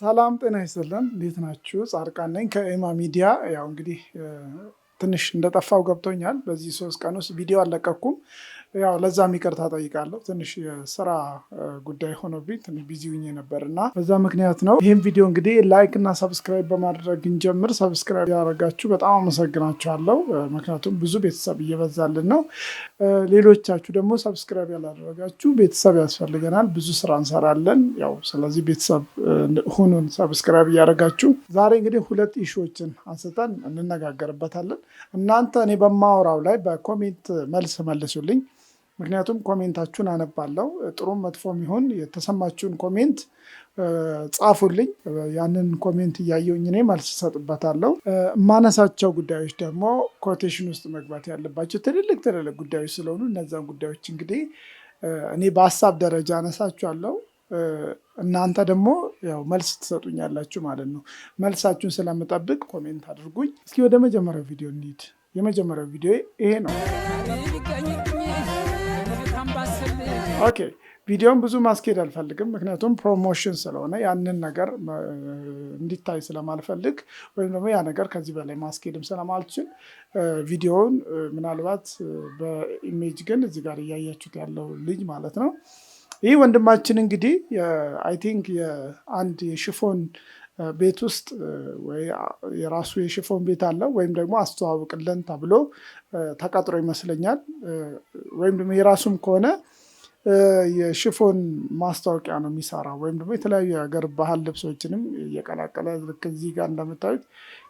ሰላም ጤና ይስጥልን። እንዴት ናችሁ? ጻድቃን ነኝ ከኤማ ሚዲያ። ያው እንግዲህ ትንሽ እንደጠፋው ገብቶኛል። በዚህ ሶስት ቀን ውስጥ ቪዲዮ አለቀኩም ያው ለዛም ይቅርታ ጠይቃለሁ። ትንሽ የስራ ጉዳይ ሆኖብኝ ትንሽ ቢዚ ሁኜ ነበር እና በዛ ምክንያት ነው። ይህም ቪዲዮ እንግዲህ ላይክ እና ሰብስክራይብ በማድረግ እንጀምር። ሰብስክራይብ ያደረጋችሁ በጣም አመሰግናችኋለሁ። ምክንያቱም ብዙ ቤተሰብ እየበዛልን ነው። ሌሎቻችሁ ደግሞ ሰብስክራይብ ያላደረጋችሁ ቤተሰብ ያስፈልገናል፣ ብዙ ስራ እንሰራለን። ያው ስለዚህ ቤተሰብ ሁኑን ሰብስክራይብ እያደረጋችሁ። ዛሬ እንግዲህ ሁለት ኢሹዎችን አንስተን እንነጋገርበታለን። እናንተ እኔ በማወራው ላይ በኮሜንት መልስ መልሱልኝ። ምክንያቱም ኮሜንታችሁን አነባለሁ። ጥሩም መጥፎ ሚሆን የተሰማችሁን ኮሜንት ጻፉልኝ። ያንን ኮሜንት እያየውኝ እኔ መልስ እሰጥበታለሁ። የማነሳቸው ጉዳዮች ደግሞ ኮቴሽን ውስጥ መግባት ያለባቸው ትልልቅ ትልልቅ ጉዳዮች ስለሆኑ እነዚን ጉዳዮች እንግዲህ እኔ በሀሳብ ደረጃ አነሳችኋለው እናንተ ደግሞ ያው መልስ ትሰጡኛላችሁ ማለት ነው። መልሳችሁን ስለምጠብቅ ኮሜንት አድርጉኝ። እስኪ ወደ መጀመሪያው ቪዲዮ እንሂድ። የመጀመሪያው ቪዲዮ ይሄ ነው። ኦኬ ቪዲዮን ብዙ ማስኬድ አልፈልግም፣ ምክንያቱም ፕሮሞሽን ስለሆነ ያንን ነገር እንዲታይ ስለማልፈልግ ወይም ደግሞ ያ ነገር ከዚህ በላይ ማስኬድም ስለማልችል ቪዲዮውን ምናልባት በኢሜጅ ግን እዚህ ጋር እያያችሁት ያለው ልጅ ማለት ነው። ይህ ወንድማችን እንግዲህ አይ ቲንክ የአንድ የሽፎን ቤት ውስጥ ወይ የራሱ የሽፎን ቤት አለው ወይም ደግሞ አስተዋውቅልን ተብሎ ተቀጥሮ ይመስለኛል ወይም ደግሞ የራሱም ከሆነ የሽፎን ማስታወቂያ ነው የሚሰራው። ወይም ደግሞ የተለያዩ የሀገር ባህል ልብሶችንም እየቀላቀለ ልክ እዚህ ጋር እንደምታዩት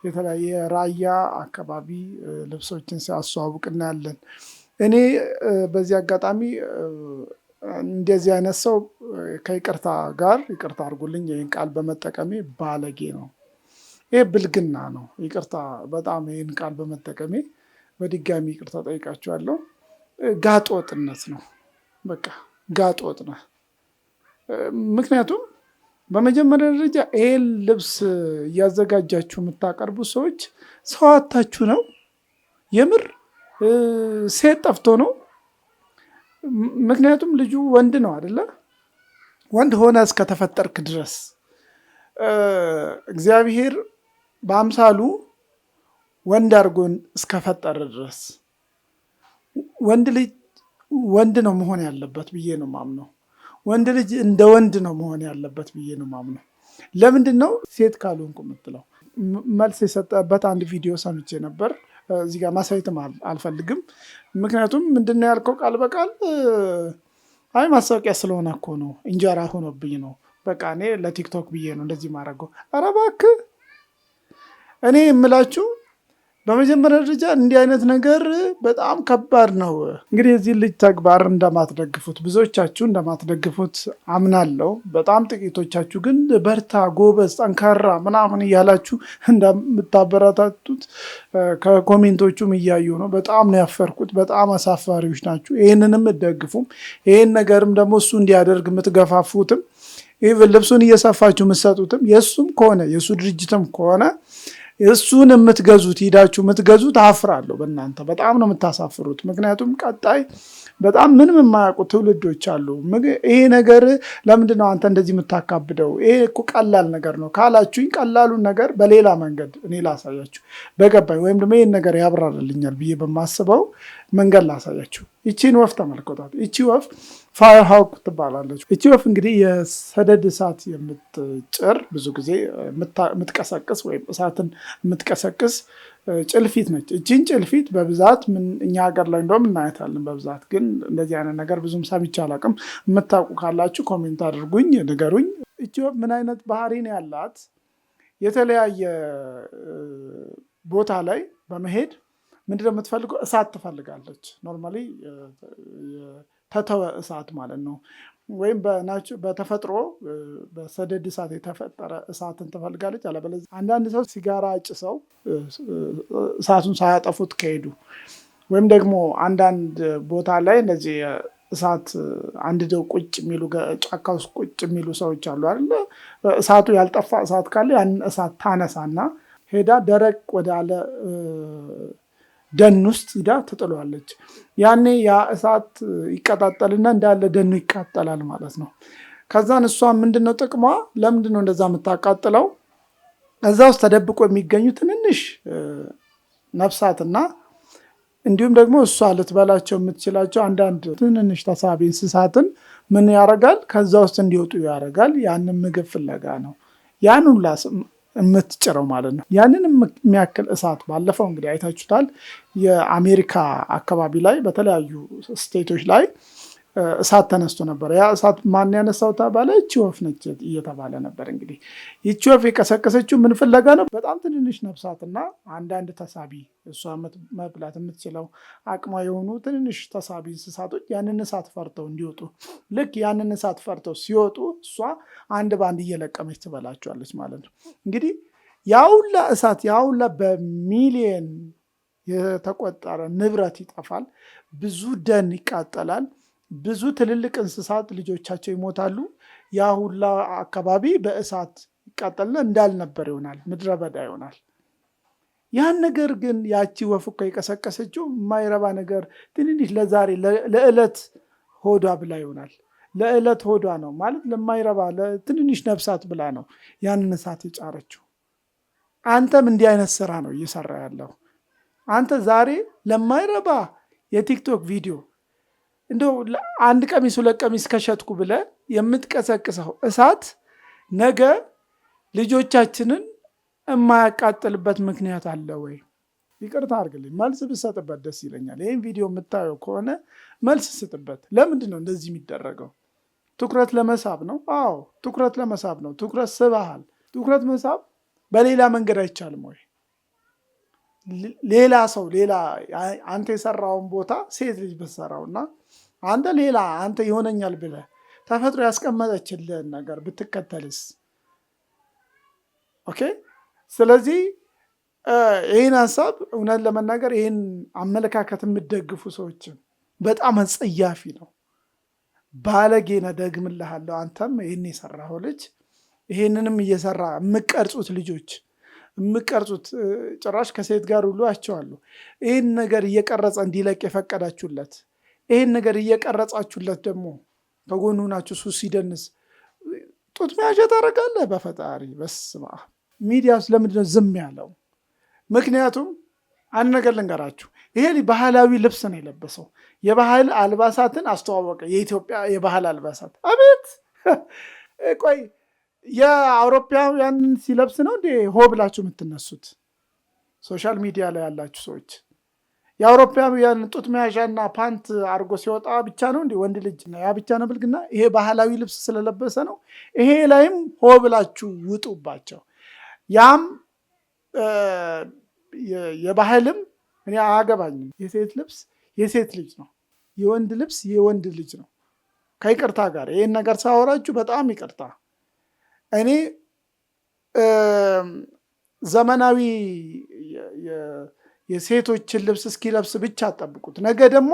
የተለያየ ራያ አካባቢ ልብሶችን ሲያስተዋውቅ እናያለን። እኔ በዚህ አጋጣሚ እንደዚህ አይነት ሰው ከይቅርታ ጋር ይቅርታ አድርጉልኝ፣ ይህን ቃል በመጠቀሜ ባለጌ ነው። ይህ ብልግና ነው። ይቅርታ በጣም ይህን ቃል በመጠቀሜ በድጋሚ ይቅርታ ጠይቃችኋለሁ። ጋጦጥነት ነው በቃ ጋጦጥ ነህ። ምክንያቱም በመጀመሪያ ደረጃ ይሄን ልብስ እያዘጋጃችሁ የምታቀርቡ ሰዎች ሰዋታችሁ ነው? የምር ሴት ጠፍቶ ነው? ምክንያቱም ልጁ ወንድ ነው አደለ? ወንድ ሆነ እስከተፈጠርክ ድረስ እግዚአብሔር በአምሳሉ ወንድ አድርጎን እስከፈጠረ ድረስ ወንድ ልጅ ወንድ ነው መሆን ያለበት ብዬ ነው ማምነው። ወንድ ልጅ እንደ ወንድ ነው መሆን ያለበት ብዬ ነው ማምነው። ለምንድን ነው ሴት ካልሆንኩ የምትለው? መልስ የሰጠበት አንድ ቪዲዮ ሰምቼ ነበር። እዚህ ጋር ማሳየትም አልፈልግም። ምክንያቱም ምንድነው ያልከው ቃል በቃል አይ ማስታወቂያ ስለሆነ እኮ ነው፣ እንጀራ ሆኖብኝ ነው፣ በቃ እኔ ለቲክቶክ ብዬ ነው እንደዚህ ማድረገው። ኧረ እባክህ እኔ የምላችሁ በመጀመሪያ ደረጃ እንዲህ አይነት ነገር በጣም ከባድ ነው። እንግዲህ የዚህ ልጅ ተግባር እንደማትደግፉት ብዙዎቻችሁ እንደማትደግፉት አምናለሁ። በጣም ጥቂቶቻችሁ ግን በርታ፣ ጎበዝ፣ ጠንካራ ምናምን እያላችሁ እንደምታበረታቱት ከኮሜንቶቹም እያዩ ነው። በጣም ነው ያፈርኩት። በጣም አሳፋሪዎች ናችሁ። ይህንንም እደግፉም ይህን ነገርም ደግሞ እሱ እንዲያደርግ የምትገፋፉትም ኢቨን ልብሱን እየሰፋችሁ የምትሰጡትም የእሱም ከሆነ የእሱ ድርጅትም ከሆነ እሱን የምትገዙት ሂዳችሁ የምትገዙት አፍራለሁ በእናንተ በጣም ነው የምታሳፍሩት። ምክንያቱም ቀጣይ በጣም ምንም የማያውቁ ትውልዶች አሉ። ይሄ ነገር ለምንድን ነው አንተ እንደዚህ የምታካብደው? ይሄ እኮ ቀላል ነገር ነው ካላችሁኝ፣ ቀላሉን ነገር በሌላ መንገድ እኔ ላሳያችሁ በገባኝ ወይም ደግሞ ይህን ነገር ያብራርልኛል ብዬ በማስበው መንገድ ላሳያችሁ። ይቺን ወፍ ተመልከቷት። ይቺ ወፍ ፋየርሃውክ ትባላለች። ኢትዮ እንግዲህ የሰደድ እሳት የምትጭር ብዙ ጊዜ የምትቀሰቅስ ወይም እሳትን የምትቀሰቅስ ጭልፊት ነች። እጅን ጭልፊት በብዛት እኛ ሀገር ላይ እንደውም እናያታለን። በብዛት ግን እንደዚህ አይነት ነገር ብዙም ሰምቼ አላውቅም። የምታውቁ ካላችሁ ኮሜንት አድርጉኝ፣ ንገሩኝ። ኢትዮፕ ምን አይነት ባህሪ ነው ያላት? የተለያየ ቦታ ላይ በመሄድ ምንድነው የምትፈልገው? እሳት ትፈልጋለች ኖርማሊ ተተወ እሳት ማለት ነው። ወይም በተፈጥሮ በሰደድ እሳት የተፈጠረ እሳትን ትፈልጋለች። አለበለዚያ አንዳንድ ሰው ሲጋራ አጭሰው እሳቱን ሳያጠፉት ከሄዱ ወይም ደግሞ አንዳንድ ቦታ ላይ እነዚህ እሳት አንድ ደው ቁጭ የሚሉ ጫካ ውስጥ ቁጭ የሚሉ ሰዎች አሉ አይደለ? እሳቱ ያልጠፋ እሳት ካለ ያንን እሳት ታነሳና ሄዳ ደረቅ ወዳለ ደን ውስጥ ሂዳ ትጥለዋለች። ያኔ ያ እሳት ይቀጣጠልና እንዳለ ደኑ ይቃጠላል ማለት ነው። ከዛን እሷ ምንድነው ጥቅሟ? ለምንድነው እንደዛ የምታቃጥለው? እዛ ውስጥ ተደብቆ የሚገኙ ትንንሽ ነፍሳትና እንዲሁም ደግሞ እሷ ልትበላቸው የምትችላቸው አንዳንድ ትንንሽ ተሳቢ እንስሳትን ምን ያደርጋል? ከዛ ውስጥ እንዲወጡ ያደርጋል። ያንን ምግብ ፍለጋ ነው ያን ሁላ የምትጭረው ማለት ነው። ያንን የሚያክል እሳት ባለፈው እንግዲህ አይታችሁታል። የአሜሪካ አካባቢ ላይ በተለያዩ ስቴቶች ላይ እሳት ተነስቶ ነበር። ያ እሳት ማን ያነሳው ተባለ? እቺ ወፍ ነች እየተባለ ነበር። እንግዲህ ይቺ ወፍ የቀሰቀሰችው ምን ፍለጋ ነው? በጣም ትንንሽ ነፍሳትና አንዳንድ ተሳቢ እሷ መብላት የምትችለው አቅማ የሆኑ ትንንሽ ተሳቢ እንስሳቶች ያንን እሳት ፈርተው እንዲወጡ፣ ልክ ያንን እሳት ፈርተው ሲወጡ እሷ አንድ በአንድ እየለቀመች ትበላቸዋለች ማለት ነው። እንግዲህ ያውላ እሳት ያውላ በሚሊየን የተቆጠረ ንብረት ይጠፋል፣ ብዙ ደን ይቃጠላል። ብዙ ትልልቅ እንስሳት ልጆቻቸው ይሞታሉ። ያ ሁላ አካባቢ በእሳት ይቃጠልና እንዳልነበር ይሆናል፣ ምድረ በዳ ይሆናል። ያን ነገር ግን ያቺ ወፍ እኮ የቀሰቀሰችው የማይረባ ነገር ትንንሽ ለዛሬ ለዕለት ሆዷ ብላ ይሆናል። ለዕለት ሆዷ ነው ማለት ለማይረባ ትንንሽ ነፍሳት ብላ ነው ያንን እሳት የጫረችው። አንተም እንዲህ አይነት ስራ ነው እየሰራ ያለው። አንተ ዛሬ ለማይረባ የቲክቶክ ቪዲዮ እንደው አንድ ቀሚስ ሁለት ቀሚስ ከሸጥኩ ብለ የምትቀሰቅሰው እሳት ነገ ልጆቻችንን የማያቃጥልበት ምክንያት አለ ወይ? ይቅርታ አድርግልኝ፣ መልስ ብሰጥበት ደስ ይለኛል። ይህን ቪዲዮ የምታየው ከሆነ መልስ ስጥበት። ለምንድን ነው እንደዚህ የሚደረገው? ትኩረት ለመሳብ ነው። አዎ ትኩረት ለመሳብ ነው። ትኩረት ስበሃል። ትኩረት መሳብ በሌላ መንገድ አይቻልም ወይ? ሌላ ሰው ሌላ አንተ የሰራውን ቦታ ሴት ልጅ ብትሰራውና አንተ ሌላ አንተ ይሆነኛል ብለ ተፈጥሮ ያስቀመጠችልን ነገር ብትከተልስ? ኦኬ። ስለዚህ ይህን ሀሳብ እውነት ለመናገር ይህን አመለካከት የምደግፉ ሰዎችም በጣም አጸያፊ ነው። ባለጌነ ደግምልሃለሁ። አንተም ይህን የሰራኸው ልጅ ይህንንም እየሰራ የምቀርጹት ልጆች የምቀርጹት ጭራሽ ከሴት ጋር ሁሉ አይቼዋለሁ። ይህን ነገር እየቀረጸ እንዲለቅ የፈቀዳችሁለት ይህን ነገር እየቀረጻችሁለት ደግሞ ከጎኑ ናችሁ። እሱ ሲደንስ ጡት መያዣ ታደርጋለህ። በፈጣሪ በስመ አብ ሚዲያ ስለምንድን ዝም ያለው? ምክንያቱም አንድ ነገር ልንገራችሁ፣ ይሄ ባህላዊ ልብስ ነው የለበሰው። የባህል አልባሳትን አስተዋወቀ። የኢትዮጵያ የባህል አልባሳት አቤት! ቆይ የአውሮፓውያን ሲለብስ ነው እንዴ ሆ ብላችሁ የምትነሱት? ሶሻል ሚዲያ ላይ ያላችሁ ሰዎች የአውሮፓውያን ጡት መያዣና ፓንት አድርጎ ሲወጣ ብቻ ነው እንዲ ወንድ ልጅ ያ ብቻ ነው ብልግና። ይሄ ባህላዊ ልብስ ስለለበሰ ነው። ይሄ ላይም ሆ ብላችሁ ውጡባቸው። ያም የባህልም እኔ አያገባኝም። የሴት ልብስ የሴት ልጅ ነው፣ የወንድ ልብስ የወንድ ልጅ ነው። ከይቅርታ ጋር ይህን ነገር ሳወራችሁ በጣም ይቅርታ። እኔ ዘመናዊ የሴቶችን ልብስ እስኪለብስ ብቻ አጠብቁት። ነገ ደግሞ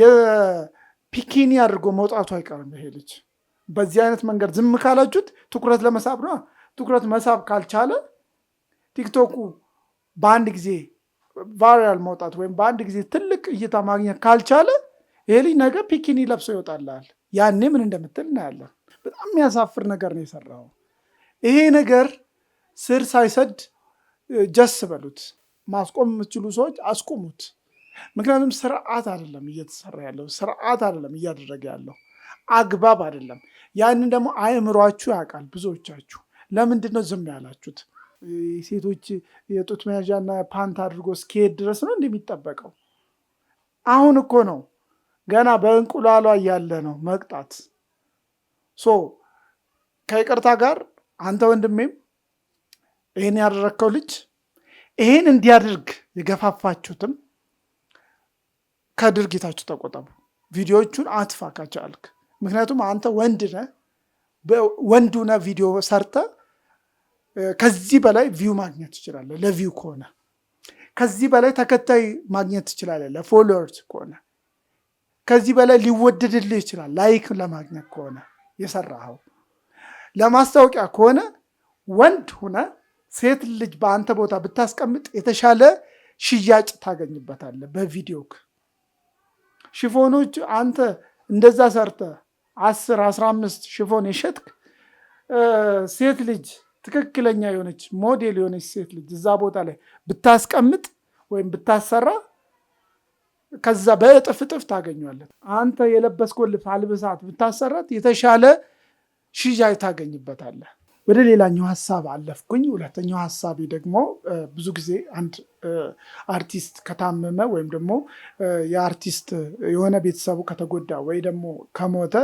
የፒኪኒ አድርጎ መውጣቱ አይቀርም ይሄ ልጅ። በዚህ አይነት መንገድ ዝም ካላችሁት ትኩረት ለመሳብ ነ ትኩረት መሳብ ካልቻለ ቲክቶኩ በአንድ ጊዜ ቫይራል መውጣት ወይም በአንድ ጊዜ ትልቅ እይታ ማግኘት ካልቻለ ይሄ ልጅ ነገ ፒኪኒ ለብሶ ይወጣላል። ያኔ ምን እንደምትል እናያለን። በጣም የሚያሳፍር ነገር ነው የሰራው። ይሄ ነገር ስር ሳይሰድ ጀስ በሉት። ማስቆም የምትችሉ ሰዎች አስቁሙት። ምክንያቱም ስርዓት አይደለም እየተሰራ ያለው ስርዓት አይደለም እያደረገ ያለው አግባብ አይደለም። ያንን ደግሞ አእምሯችሁ ያውቃል። ብዙዎቻችሁ ለምንድን ነው ዝም ያላችሁት? ሴቶች የጡት መያዣና ፓንት አድርጎ እስኪሄድ ድረስ ነው እንደሚጠበቀው። አሁን እኮ ነው ገና በእንቁላሏ እያለ ነው መቅጣት። ሶ ከይቅርታ ጋር አንተ ወንድሜም ይህን ያደረግከው ልጅ ይህን እንዲያደርግ የገፋፋችሁትም ከድርጊታችሁ ተቆጠቡ። ቪዲዮዎቹን አትፋ ካቻልክ። ምክንያቱም አንተ ወንድ ነህ። ወንዱ ነህ ቪዲዮ ሰርተ ከዚህ በላይ ቪው ማግኘት ትችላለህ። ለቪው ከሆነ ከዚህ በላይ ተከታይ ማግኘት ትችላለህ። ለፎሎወርስ ከሆነ ከዚህ በላይ ሊወደድልህ ይችላል። ላይክ ለማግኘት ከሆነ የሰራኸው ለማስታወቂያ ከሆነ ወንድ ሁነ ሴት ልጅ በአንተ ቦታ ብታስቀምጥ የተሻለ ሽያጭ ታገኝበታለህ። በቪዲዮክ ሽፎኖች አንተ እንደዛ ሰርተ አስር አስራ አምስት ሽፎን የሸጥክ ሴት ልጅ ትክክለኛ የሆነች ሞዴል የሆነች ሴት ልጅ እዛ ቦታ ላይ ብታስቀምጥ ወይም ብታሰራ ከዛ በእጥፍ እጥፍ ታገኟለን። አንተ የለበስኮ ልብስ አልብሳት ብታሰራት የተሻለ ሽያጭ ታገኝበታለህ። ወደ ሌላኛው ሀሳብ አለፍኩኝ። ሁለተኛው ሀሳቤ ደግሞ ብዙ ጊዜ አንድ አርቲስት ከታመመ ወይም ደግሞ የአርቲስት የሆነ ቤተሰቡ ከተጎዳ ወይ ደግሞ ከሞተ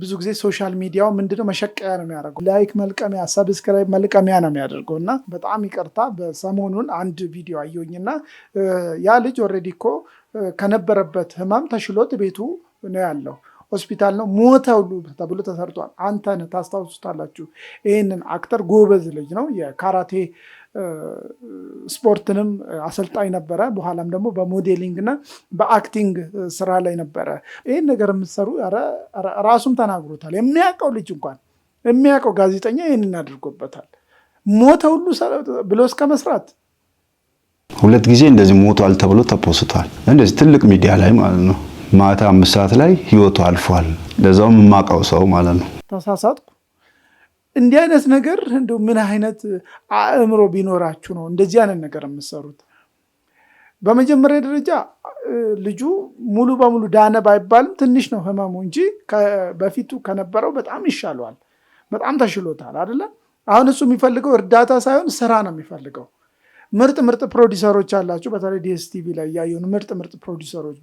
ብዙ ጊዜ ሶሻል ሚዲያው ምንድነው መሸቀያ ነው የሚያደርገው፣ ላይክ መልቀሚያ፣ ሰብስክራይብ መልቀሚያ ነው የሚያደርገው። እና በጣም ይቅርታ በሰሞኑን አንድ ቪዲዮ አየሁኝና ያ ልጅ ኦልሬዲ እኮ ከነበረበት ህመም ተሽሎት ቤቱ ነው ያለው ሆስፒታል ነው ሞተ ሁሉ ተብሎ ተሰርቷል። አንተን ታስታውሱታላችሁ። ይህንን አክተር ጎበዝ ልጅ ነው። የካራቴ ስፖርትንም አሰልጣኝ ነበረ። በኋላም ደግሞ በሞዴሊንግ እና በአክቲንግ ስራ ላይ ነበረ። ይህን ነገር የምትሰሩ ራሱም ተናግሮታል። የሚያውቀው ልጅ እንኳን የሚያውቀው ጋዜጠኛ ይህንን አድርጎበታል። ሞተ ሁሉ ብሎ እስከ መስራት ሁለት ጊዜ እንደዚህ ሞቷል ተብሎ ተፖስቷል። እንደዚህ ትልቅ ሚዲያ ላይ ማለት ነው ማታ አምስት ሰዓት ላይ ህይወቱ አልፏል። ለዛውም የማውቀው ሰው ማለት ነው። ተሳሳትኩ። እንዲህ አይነት ነገር እንደ ምን አይነት አእምሮ ቢኖራችሁ ነው እንደዚህ አይነት ነገር የምትሰሩት? በመጀመሪያ ደረጃ ልጁ ሙሉ በሙሉ ዳነ ባይባልም ትንሽ ነው ህመሙ እንጂ በፊቱ ከነበረው በጣም ይሻለዋል። በጣም ተሽሎታል አይደለ? አሁን እሱ የሚፈልገው እርዳታ ሳይሆን ስራ ነው የሚፈልገው ምርጥ ምርጥ ፕሮዲሰሮች አላችሁ። በተለይ ዲስቲቪ ላይ ያየኑ ምርጥ ምርጥ ፕሮዲሰሮች፣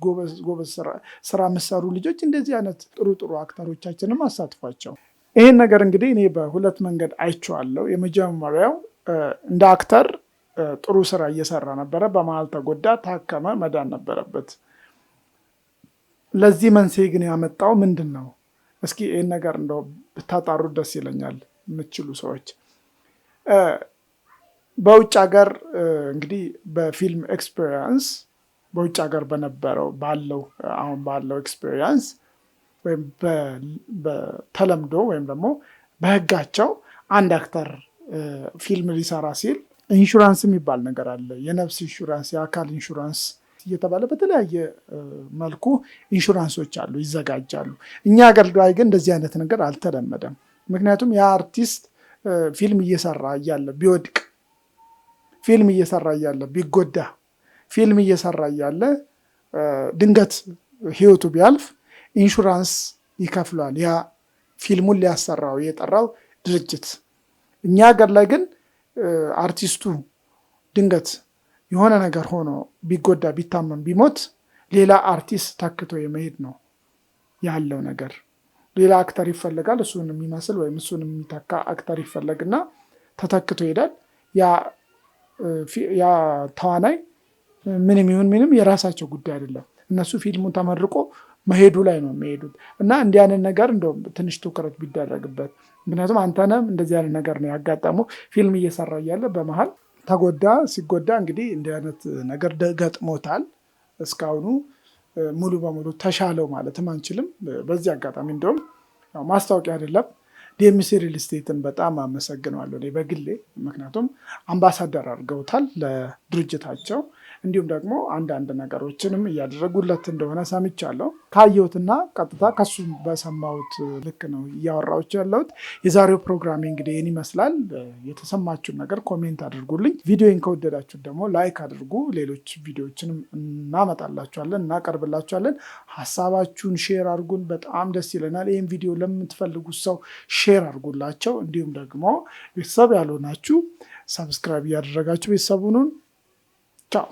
ጎበዝ ስራ ምሰሩ ልጆች እንደዚህ አይነት ጥሩ ጥሩ አክተሮቻችንም አሳትፏቸው። ይህን ነገር እንግዲህ እኔ በሁለት መንገድ አይቼዋለሁ። የመጀመሪያው እንደ አክተር ጥሩ ስራ እየሰራ ነበረ፣ በመሀል ተጎዳ፣ ታከመ፣ መዳን ነበረበት። ለዚህ መንስኤ ግን ያመጣው ምንድን ነው? እስኪ ይህን ነገር እንደው ብታጣሩ ደስ ይለኛል የምችሉ ሰዎች በውጭ ሀገር እንግዲህ በፊልም ኤክስፔሪንስ በውጭ ሀገር በነበረው ባለው አሁን ባለው ኤክስፔሪንስ ወይም በተለምዶ ወይም ደግሞ በህጋቸው አንድ አክተር ፊልም ሊሰራ ሲል ኢንሹራንስ የሚባል ነገር አለ። የነፍስ ኢንሹራንስ፣ የአካል ኢንሹራንስ እየተባለ በተለያየ መልኩ ኢንሹራንሶች አሉ፣ ይዘጋጃሉ። እኛ ሀገር ላይ ግን እንደዚህ አይነት ነገር አልተለመደም። ምክንያቱም የአርቲስት ፊልም እየሰራ እያለ ቢወድቅ ፊልም እየሰራ እያለ ቢጎዳ ፊልም እየሰራ እያለ ድንገት ህይወቱ ቢያልፍ ኢንሹራንስ ይከፍሏል። ያ ፊልሙን ሊያሰራው የጠራው ድርጅት። እኛ ሀገር ላይ ግን አርቲስቱ ድንገት የሆነ ነገር ሆኖ ቢጎዳ ቢታመም ቢሞት ሌላ አርቲስት ተክቶ የመሄድ ነው ያለው ነገር። ሌላ አክተር ይፈለጋል፣ እሱን የሚመስል ወይም እሱን የሚተካ አክተር ይፈለግና ተተክቶ ይሄዳል ያ ያ ተዋናይ ምንም ይሁን ምንም የራሳቸው ጉዳይ አይደለም። እነሱ ፊልሙን ተመርቆ መሄዱ ላይ ነው የሚሄዱት እና እንዲህ ያንን ነገር እንደ ትንሽ ትኩረት ቢደረግበት። ምክንያቱም አንተነም እንደዚህ ያንን ነገር ነው ያጋጠመው ፊልም እየሰራ እያለ በመሀል ተጎዳ። ሲጎዳ እንግዲህ እንዲህ አይነት ነገር ገጥሞታል። እስካሁኑ ሙሉ በሙሉ ተሻለው ማለትም አንችልም። በዚህ አጋጣሚ እንደውም ማስታወቂያ አይደለም ዲኤምሲ ሪል ስቴትን በጣም አመሰግነዋለሁ በግሌ ምክንያቱም አምባሳደር አድርገውታል ለድርጅታቸው። እንዲሁም ደግሞ አንዳንድ ነገሮችንም እያደረጉለት እንደሆነ ሰምቻለሁ። ካየሁትና ቀጥታ ከሱ በሰማሁት ልክ ነው እያወራዎች ያለሁት። የዛሬው ፕሮግራሜ እንግዲህ ይህን ይመስላል። የተሰማችሁን ነገር ኮሜንት አድርጉልኝ። ቪዲዮን ከወደዳችሁ ደግሞ ላይክ አድርጉ። ሌሎች ቪዲዮዎችንም እናመጣላችኋለን፣ እናቀርብላችኋለን። ሀሳባችሁን ሼር አድርጉን፣ በጣም ደስ ይለናል። ይህም ቪዲዮ ለምትፈልጉት ሰው ሼር አድርጉላቸው። እንዲሁም ደግሞ ቤተሰብ ያልሆናችሁ ሰብስክራይብ እያደረጋችሁ ቤተሰቡኑን ቻው